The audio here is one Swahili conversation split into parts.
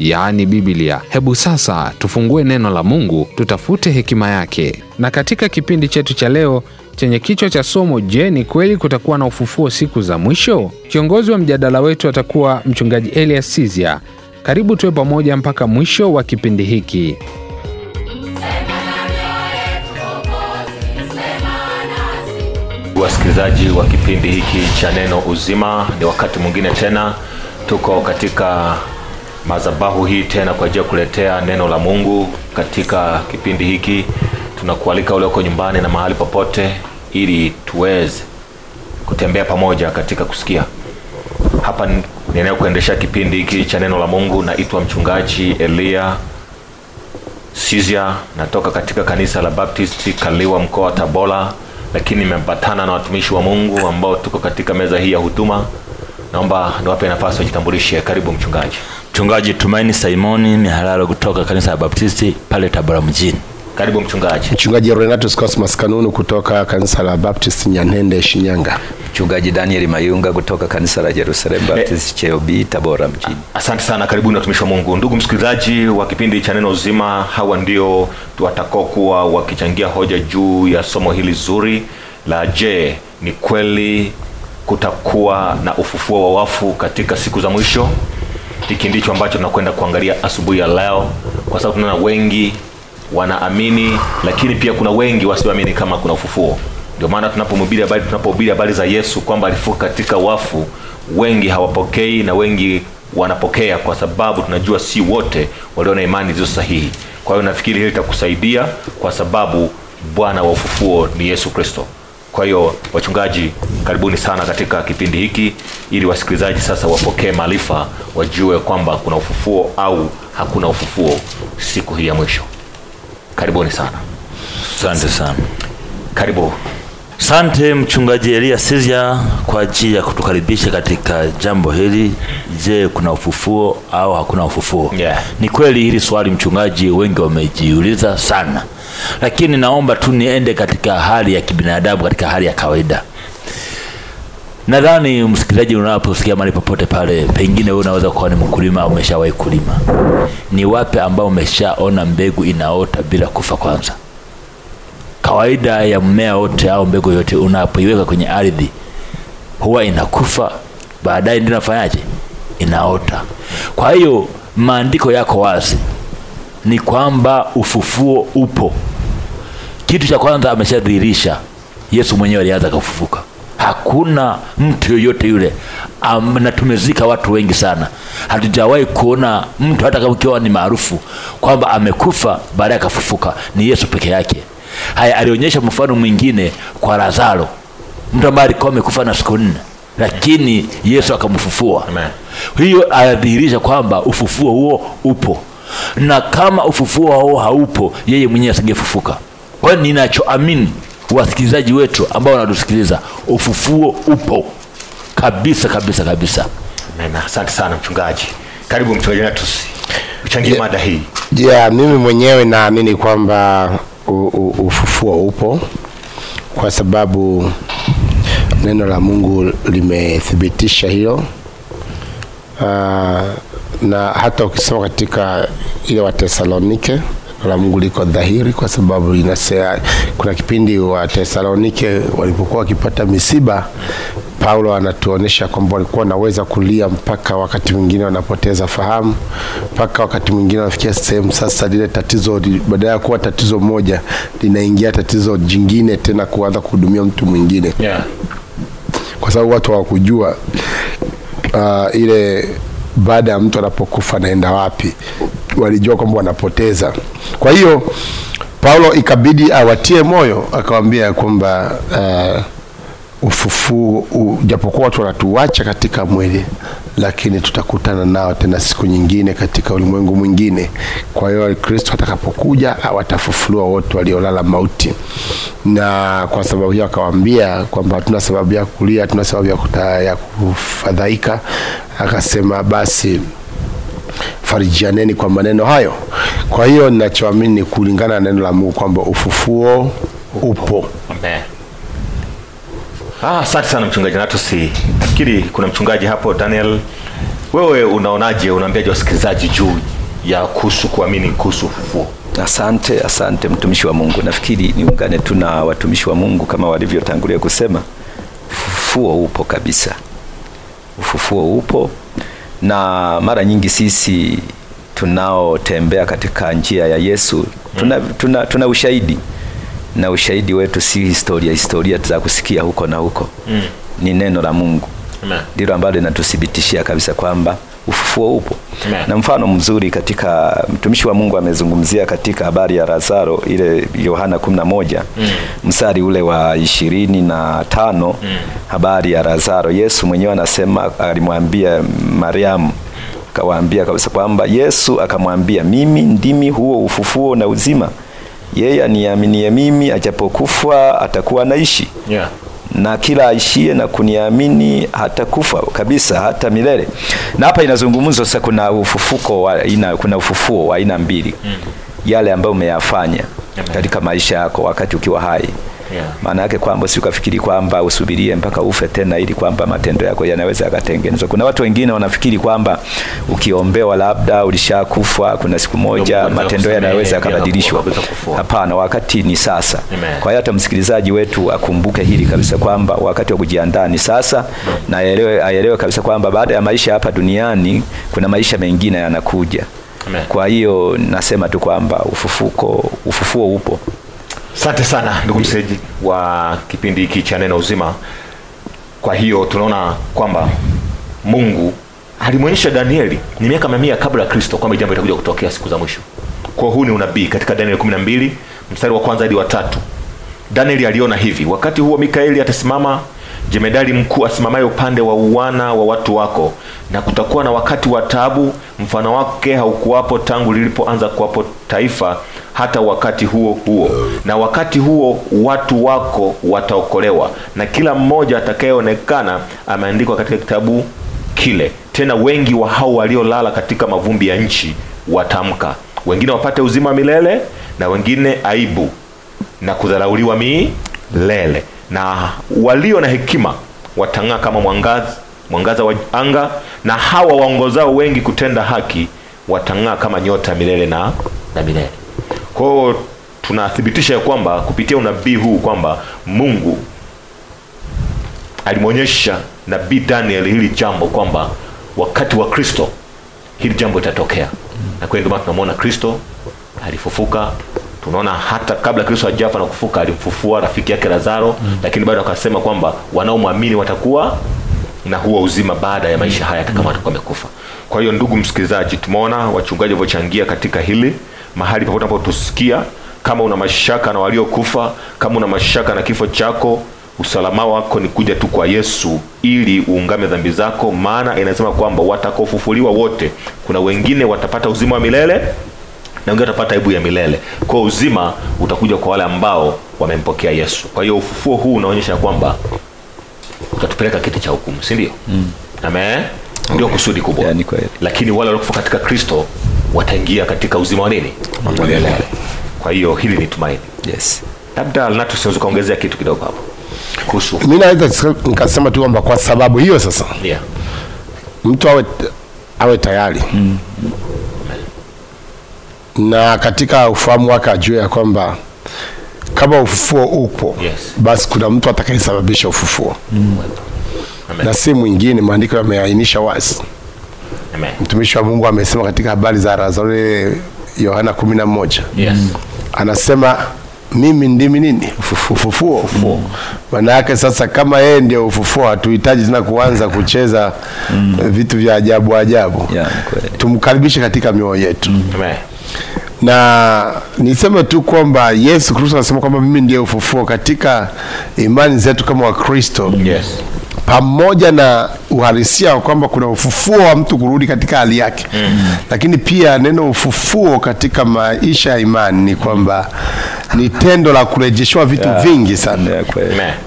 yaani Biblia. Hebu sasa tufungue neno la Mungu, tutafute hekima yake. Na katika kipindi chetu cha leo chenye kichwa cha somo, je, ni kweli kutakuwa na ufufuo siku za mwisho? Kiongozi wa mjadala wetu atakuwa mchungaji Elias Sizia. Karibu tuwe pamoja mpaka mwisho wa kipindi hiki. Wasikilizaji wa kipindi hiki cha neno uzima, ni wakati mwingine tena tuko katika madhabahu hii tena kwa ajili ya kuletea neno la Mungu katika kipindi hiki. Tunakualika ulioko nyumbani na mahali popote, ili tuweze kutembea pamoja katika kusikia. Hapa kuendesha kipindi hiki cha neno la Mungu naitwa mchungaji Elia Sizia, natoka katika kanisa la Baptisti Kaliwa, mkoa wa Tabora, lakini nimepatana na watumishi wa Mungu ambao tuko katika meza hii ya huduma. Naomba niwape nafasi wajitambulishe. Karibu mchungaji. Mchungaji Tumaini Simoni Mihalalo kutoka kanisa la Baptisti pale Tabora mjini. Karibu mchungaji. Mchungaji Renatus Cosmas Kanunu kutoka kanisa la Baptist Nyanende Shinyanga. Mchungaji Daniel Mayunga kutoka kanisa la Jerusalem eh. Baptist Cheo B Tabora mjini. Asante sana, karibuni watumishi wa Mungu. Ndugu msikilizaji wa kipindi cha Neno Uzima, hawa ndio watakaokuwa wakichangia hoja juu ya somo hili zuri la je, ni kweli kutakuwa na ufufuo wa wafu katika siku za mwisho? hiki ndicho ambacho tunakwenda kuangalia asubuhi ya leo, kwa sababu tunaona wengi wanaamini, lakini pia kuna wengi wasioamini kama kuna ufufuo. Ndio maana tunapomhubiri habari tunapohubiri habari za Yesu kwamba alifuka katika wafu, wengi hawapokei na wengi wanapokea, kwa sababu tunajua si wote walio na imani zilizo sahihi. Kwa hiyo nafikiri hili litakusaidia, kwa sababu Bwana wa ufufuo ni Yesu Kristo. Kwa hiyo wachungaji, karibuni sana katika kipindi hiki, ili wasikilizaji sasa wapokee maarifa, wajue kwamba kuna ufufuo au hakuna ufufuo siku hii ya mwisho. Karibuni sana. Asante sana. Karibu Sante mchungaji Elia Sizia kwa ajili ya kutukaribisha katika jambo hili. Je, kuna ufufuo au hakuna ufufuo? Yeah. Ni kweli hili swali mchungaji wengi wamejiuliza sana, lakini naomba tu niende katika hali ya kibinadamu, katika hali ya kawaida. Nadhani msikilizaji, unaposikia mahali popote pale, pengine wewe unaweza kuwa ni mkulima au umeshawahi kulima. Ni wape ambao umeshaona mbegu inaota bila kufa kwanza? kawaida ya mmea wote au mbegu yote unapoiweka kwenye ardhi huwa inakufa, baadaye ndio inafanyaje? Inaota. Kwa hiyo maandiko yako wazi, ni kwamba ufufuo upo. Kitu cha kwanza ameshadhihirisha Yesu mwenyewe alianza kufufuka. Hakuna mtu yoyote yule um, na tumezika watu wengi sana, hatujawahi kuona mtu hata kama ukiwa ni maarufu kwamba amekufa baadaye akafufuka. Ni Yesu peke yake. Haya, alionyesha mfano mwingine kwa Lazaro, mtu ambaye alikuwa amekufa na siku nne, lakini Yesu akamfufua. Hiyo anadhihirisha kwamba ufufuo huo upo, na kama ufufuo huo haupo, yeye mwenyewe asingefufuka. Kwa hiyo ninachoamini, wasikilizaji wetu ambao wanatusikiliza, ufufuo upo kabisa kabisa kabisa. Amen. Asante sana mchungaji. Karibu mchungaji Natusi, uchangie mada hii. Yeah, mimi mwenyewe naamini kwamba ufufuo upo, kwa sababu neno la Mungu limethibitisha hilo. Uh, na hata ukisoma katika ile wa Tesalonike la Mungu liko dhahiri, kwa sababu inasema kuna kipindi wa Tesalonike walipokuwa wakipata misiba Paulo anatuonyesha kwamba walikuwa wanaweza kulia mpaka wakati mwingine wanapoteza fahamu, mpaka wakati mwingine wanafikia sehemu sasa lile tatizo badala ya kuwa tatizo moja linaingia tatizo jingine tena, kuanza kuhudumia mtu mwingine yeah. Kwa sababu watu hawakujua uh, ile baada ya mtu anapokufa anaenda wapi, walijua kwamba wanapoteza. Kwa hiyo Paulo ikabidi awatie moyo, akawambia kwamba uh, ufufuo japokuwa watu wanatuacha katika mwili, lakini tutakutana nao tena siku nyingine katika ulimwengu mwingine. Kwa hiyo Kristo atakapokuja awatafufulua wote waliolala mauti, na kwa sababu hiyo akawaambia kwamba hatuna sababu ya kulia, hatuna sababu ya, ya kufadhaika. Akasema basi farijianeni kwa maneno hayo. Kwa hiyo ninachoamini kulingana na neno la Mungu kwamba ufufuo upo, upo. Ah, asante sana mchungaji Natusi. Nafikiri kuna mchungaji hapo Daniel. Wewe unaonaje, unaambiaje wasikilizaji juu ya kuhusu kuamini kuhusu ufufuo? Asante, asante mtumishi wa Mungu. Nafikiri niungane tu na watumishi wa Mungu kama walivyotangulia kusema, ufufuo upo kabisa, ufufuo upo, na mara nyingi sisi tunaotembea katika njia ya Yesu tuna, hmm. tuna, tuna ushahidi na ushahidi wetu si historia historia za kusikia huko na huko mm. ni neno la Mungu ndilo ambalo linatuthibitishia kabisa kwamba ufufuo upo Amen. na mfano mzuri katika mtumishi wa Mungu amezungumzia katika habari ya Lazaro ile Yohana kumi na moja mm. msari ule wa ishirini na tano mm. habari ya Lazaro Yesu mwenyewe anasema alimwambia Mariamu akawaambia kabisa kwamba Yesu akamwambia mimi ndimi huo ufufuo na uzima mm yeye aniaminie mimi ajapokufa atakuwa anaishi yeah. na kila aishie na kuniamini hatakufa kabisa hata milele. Na hapa inazungumzwa sasa, kuna ufufuko wa ina, kuna ufufuo wa aina mbili mm. yale ambayo umeyafanya katika maisha yako wakati ukiwa hai yeah. Maana yake kwamba si ukafikiri kwamba usubirie mpaka ufe tena ili kwamba matendo yako yanaweza yakatengenezwa. Kuna watu wengine wanafikiri kwamba ukiombewa, labda ulishakufa, kuna siku moja matendo yanaweza yakabadilishwa. Hapana, wakati ni sasa. Amen. Kwa hiyo hata msikilizaji wetu akumbuke hili kabisa kwamba wakati wa kujiandaa ni sasa, na aelewe kabisa kwamba baada ya maisha hapa duniani kuna maisha mengine yanakuja. Amen. Kwa hiyo nasema tu kwamba ufufuko ufufuo upo. Asante sana ndugu mseji wa kipindi hiki cha neno uzima. Kwa hiyo tunaona kwamba Mungu alimwonyesha Danieli ni miaka mamia kabla ya Kristo kwamba jambo litakuja kutokea siku za mwisho. Kwa huu ni unabii katika Danieli 12 mstari wa kwanza hadi wa tatu. Danieli aliona hivi, wakati huo Mikaeli atasimama jemedari mkuu asimamaye upande wa uwana wa watu wako, na kutakuwa na wakati wa taabu, mfano wake haukuwapo tangu lilipoanza kuwapo taifa hata wakati huo huo. Na wakati huo watu wako wataokolewa, na kila mmoja atakayeonekana ameandikwa katika kitabu kile. Tena wengi wa hao waliolala katika mavumbi ya nchi watamka, wengine wapate uzima milele, na wengine aibu na kudharauliwa milele na walio na hekima watang'aa kama mwangaza mwangaza wa anga, na hawa waongozao wengi kutenda haki watang'aa kama nyota milele na, na milele. Kwa hiyo tunathibitisha ya kwamba kupitia unabii huu kwamba Mungu alimwonyesha nabii Daniel hili jambo kwamba wakati wa Kristo hili jambo litatokea, na kwa hiyo ndio maana tunamwona Kristo alifufuka tunaona hata kabla Kristo hajafa na kufuka alimfufua rafiki yake Lazaro mm. lakini bado akasema kwamba wanaomwamini watakuwa na huo uzima baada ya maisha haya hata kama watakuwa wamekufa. Kwa hiyo ndugu msikilizaji, tumeona wachungaji walivyochangia katika hili. Mahali popote unapotusikia, kama una mashaka na waliokufa, kama una mashaka na kifo chako, usalama wako ni kuja tu kwa Yesu ili uungame dhambi zako, maana inasema kwamba watakofufuliwa wote, kuna wengine watapata uzima wa milele na wengine watapata aibu ya milele. Kwa uzima utakuja kwa wale ambao wamempokea Yesu. Kwa hiyo ufufuo huu unaonyesha kwamba utatupeleka kiti cha hukumu, si ndio? Mm. Amen. Okay. Ndio kusudi kubwa. Yani kweli. Lakini wale waliokufa katika Kristo wataingia katika uzima wa nini? Wa milele. Kwa hiyo hili ni tumaini. Yes. Labda Alnatus unaweza kuongezea kitu kidogo hapo. Kuhusu. Mimi naweza nikasema tu kwamba kwa sababu hiyo sasa. Yeah. Mtu awe awe tayari. Mm na katika ufahamu wake ajue ya kwamba kama ufufuo upo yes. basi kuna mtu atakayesababisha ufufuo mm. na si mwingine, maandiko yameainisha wazi. Mtumishi wa Mungu amesema katika habari za Lazaro, Yohana kumi na moja yes. anasema mimi ndimi nini? Ufufuo, ufufuo. Mm. Maana yake sasa, kama yeye ndio ufufuo, hatuhitaji tena kuanza kucheza mm. vitu vya ajabu ajabu yeah, tumkaribishe katika mioyo yetu mm na niseme tu kwamba Yesu Kristo anasema kwamba mimi ndiye ufufuo. Katika imani zetu kama Wakristo, yes, pamoja na uhalisia wa kwamba kuna ufufuo wa mtu kurudi katika hali yake mm -hmm. Lakini pia neno ufufuo katika maisha ya imani ni kwamba mm -hmm ni tendo la kurejeshwa vitu yeah. vingi sana yeah,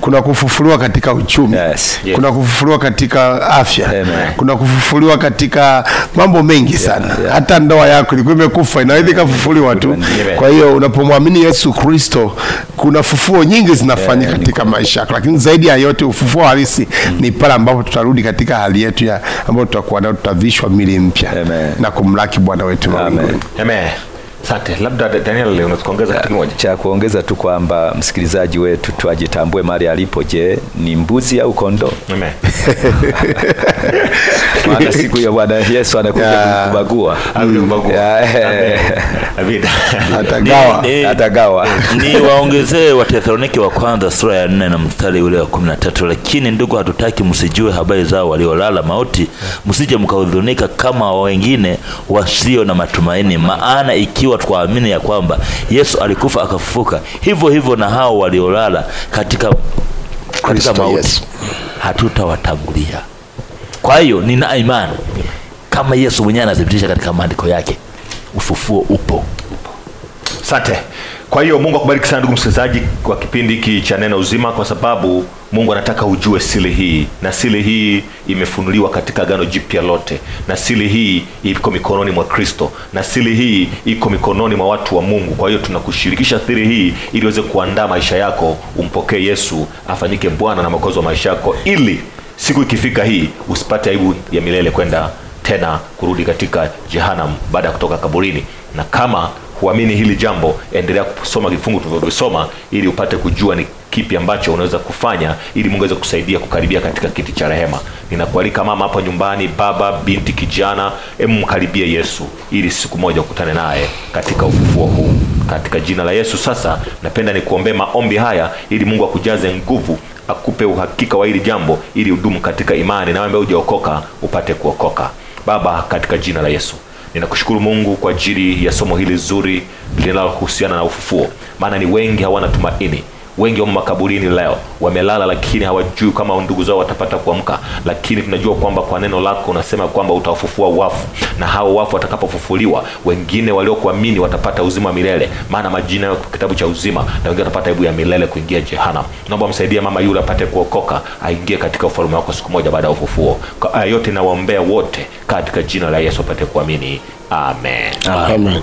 kuna kufufuliwa katika uchumi yes. yeah. kuna kufufuliwa katika afya Amen. kuna kufufuliwa katika mambo mengi sana yeah, yeah. hata ndoa yako ilikuwa imekufa inaweza ikafufuliwa tu kwa hiyo unapomwamini Yesu Kristo kuna fufuo nyingi zinafanyika yeah, katika maisha yako lakini zaidi ya yote ufufuo halisi mm. ni pale ambapo tutarudi katika hali yetu ya ambayo tutakuwa nayo tutavishwa mili mpya na kumlaki Bwana wetu mbinguni. Amen. Amen. Sante. Labda Daniel, leo unatuongeza kitu kimoja cha kuongeza tu kwamba msikilizaji wetu tuajitambue mahali alipo. Je, ni mbuzi au kondoo? maana siku ya bwana yesu anakuja yeah. kubagua mm. atagawa ni waongezee watesalonike wa kwanza sura ya nne na mstari ule wa kumi na tatu lakini ndugu hatutaki msijue habari zao waliolala mauti msije mkahuzunika kama wengine wasio na matumaini maana ikiwa twaamini ya kwamba yesu alikufa akafufuka hivyo hivyo na hao waliolala katika, katika mauti yes. hatutawatangulia kwa hiyo nina imani kama Yesu mwenyewe anathibitisha katika maandiko yake, ufufuo upo. sante Kwa hiyo Mungu akubariki sana ndugu msikilizaji kwa kipindi hiki cha Neno Uzima, kwa sababu Mungu anataka ujue siri hii, na siri hii imefunuliwa katika Agano Jipya lote, na siri hii iko mikononi mwa Kristo, na siri hii iko mikononi mwa watu wa Mungu. Kwa hiyo tunakushirikisha siri hii ili uweze kuandaa maisha yako, umpokee Yesu afanyike Bwana na Mwokozi wa maisha yako ili siku ikifika hii usipate aibu ya milele kwenda tena kurudi katika jehanam baada ya kutoka kaburini na kama huamini hili jambo endelea kusoma vifungu tulivyosoma ili upate kujua ni kipi ambacho unaweza kufanya ili mungu aweze kusaidia kukaribia katika kiti cha rehema ninakualika mama hapo nyumbani baba binti kijana emu mkaribie yesu ili siku moja ukutane naye katika ufufuo huu katika jina la yesu sasa napenda nikuombee maombi haya ili mungu akujaze nguvu akupe uhakika wa hili jambo ili udumu katika imani, nawe ambaye hujaokoka upate kuokoka. Baba, katika jina la Yesu ninakushukuru Mungu kwa ajili ya somo hili zuri linalohusiana na ufufuo, maana ni wengi hawana tumaini Wengi wamo makaburini leo, wamelala, lakini hawajui kama ndugu zao watapata kuamka. Lakini tunajua kwamba kwa neno lako unasema kwamba utawafufua wafu, na hao wafu watakapofufuliwa, wengine waliokuamini watapata uzima wa milele, maana majina yao kitabu cha uzima, na wengine watapata hebu ya milele kuingia jehanamu. Naomba msaidie mama yule apate kuokoka, aingie katika ufalme wako siku moja baada ya ufufuo. Kwa yote nawaombea wote katika jina la Yesu apate kuamini. Amen, amen. amen.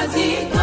Aziz